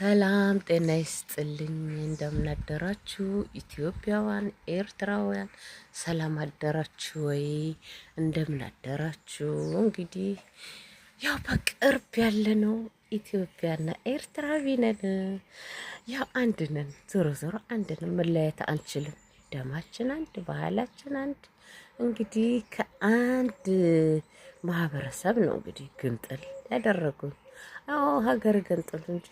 ሰላም ጤና ይስጥልኝ። እንደምናደራችሁ ኢትዮጵያውያን፣ ኤርትራውያን ሰላም አደራችሁ ወይ? እንደምናደራችሁ። እንግዲህ ያው በቅርብ ያለ ነው ኢትዮጵያና ኤርትራ ቢነን ያው አንድ ነን፣ ዞሮ ዞሮ አንድ ነን። መለያየት አንችልም። ደማችን አንድ፣ ባህላችን አንድ። እንግዲህ ከአንድ ማህበረሰብ ነው እንግዲህ ግንጥል ያደረጉ። አዎ ሀገር ገንጠል እንጂ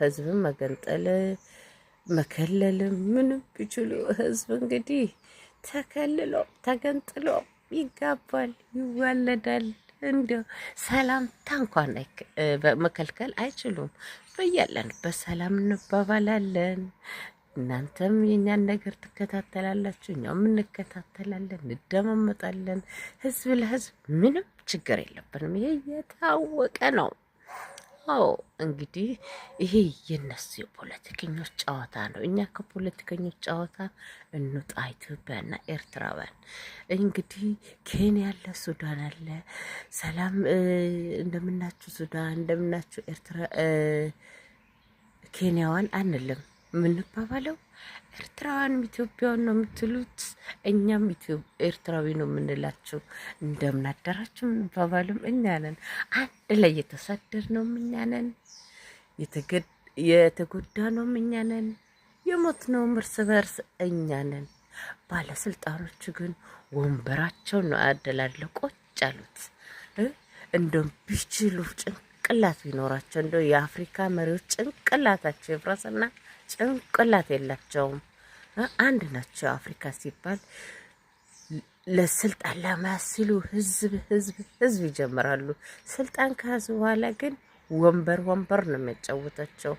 ህዝብን መገንጠል መከለልም ምንም ቢችሉ ህዝብ እንግዲህ ተከልሎ ተገንጥሎ ይጋባል፣ ይዋለዳል። እንዲያው ሰላምታ እንኳን መከልከል አይችሉም። በያለን ሰላም እንባባላለን። እናንተም የኛን ነገር ትከታተላላችሁ፣ እኛም እንከታተላለን፣ እንደማመጣለን። ህዝብ ለህዝብ ምንም ችግር የለብንም። ይሄ የታወቀ ነው። አዎ እንግዲህ ይሄ የነሱ የፖለቲከኞች ጨዋታ ነው። እኛ ከፖለቲከኞች ጨዋታ እንውጣ። ኢትዮጵያና ኤርትራውያን እንግዲህ ኬንያ አለ፣ ሱዳን አለ። ሰላም እንደምናችሁ ሱዳን እንደምናችሁ ኤርትራ ኬንያዋን አንልም የምንባባለው ኤርትራውያንም ኢትዮጵያውያን ነው የምትሉት፣ እኛም ኤርትራዊ ነው የምንላቸው። እንደምናደራችሁ የምንባባልም እኛ ነን። አንድ ላይ የተሳደር ነው እኛ ነን። የተጎዳ ነው እኛ ነን። የሞት ነው እርስ በርስ እኛ ነን። ባለስልጣኖቹ ግን ወንበራቸው ነው አደላለ ቆጭ አሉት። እንደም ቢችሉ ጭን ጭንቅላት ቢኖራቸው እንደው የአፍሪካ መሪዎች ጭንቅላታቸው ይፍረስና ጭንቅላት የላቸውም። አንድ ናቸው። አፍሪካ ሲባል ለስልጣን ለመያዝ ሲሉ ህዝብ ህዝብ ህዝብ ይጀምራሉ። ስልጣን ከያዙ በኋላ ግን ወንበር ወንበር ነው የሚያጫወታቸው።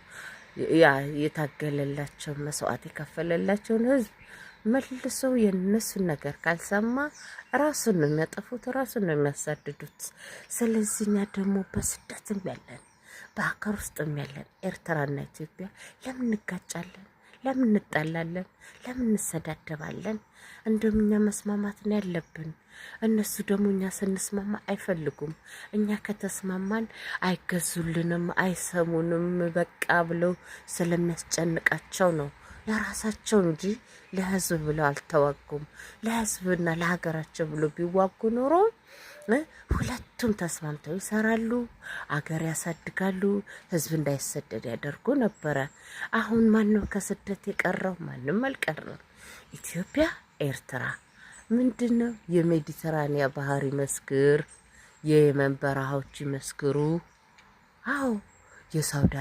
ያ የታገለላቸው መስዋዕት የከፈለላቸውን ህዝብ መልሶ የነሱን ነገር ካልሰማ ራሱን ነው የሚያጠፉት፣ ራሱን ነው የሚያሳድዱት። ስለዚህ እኛ ደግሞ በስደትም ያለን በሀገር ውስጥም ያለን ኤርትራና ኢትዮጵያ ለምን እንጋጫለን? ለምን እንጣላለን? ለምን እንሰዳደባለን? እንደውም እኛ መስማማት ነው ያለብን። እነሱ ደግሞ እኛ ስንስማማ አይፈልጉም። እኛ ከተስማማን አይገዙልንም፣ አይሰሙንም በቃ ብለው ስለሚያስጨንቃቸው ነው። ለራሳቸው እንጂ ለህዝብ ብለው አልተዋጉም። ለህዝብና ለሀገራቸው ብሎ ቢዋጉ ኖሮ ሁለቱም ተስማምተው ይሰራሉ፣ አገር ያሳድጋሉ፣ ህዝብ እንዳይሰደድ ያደርጉ ነበረ። አሁን ማነው ከስደት የቀረው ማንም አልቀረም። ኢትዮጵያ፣ ኤርትራ ምንድን ነው የሜዲተራኒያ ባህር ይመስክር፣ የየመን በረሃዎች ይመስክሩ። አዎ የሳውዲ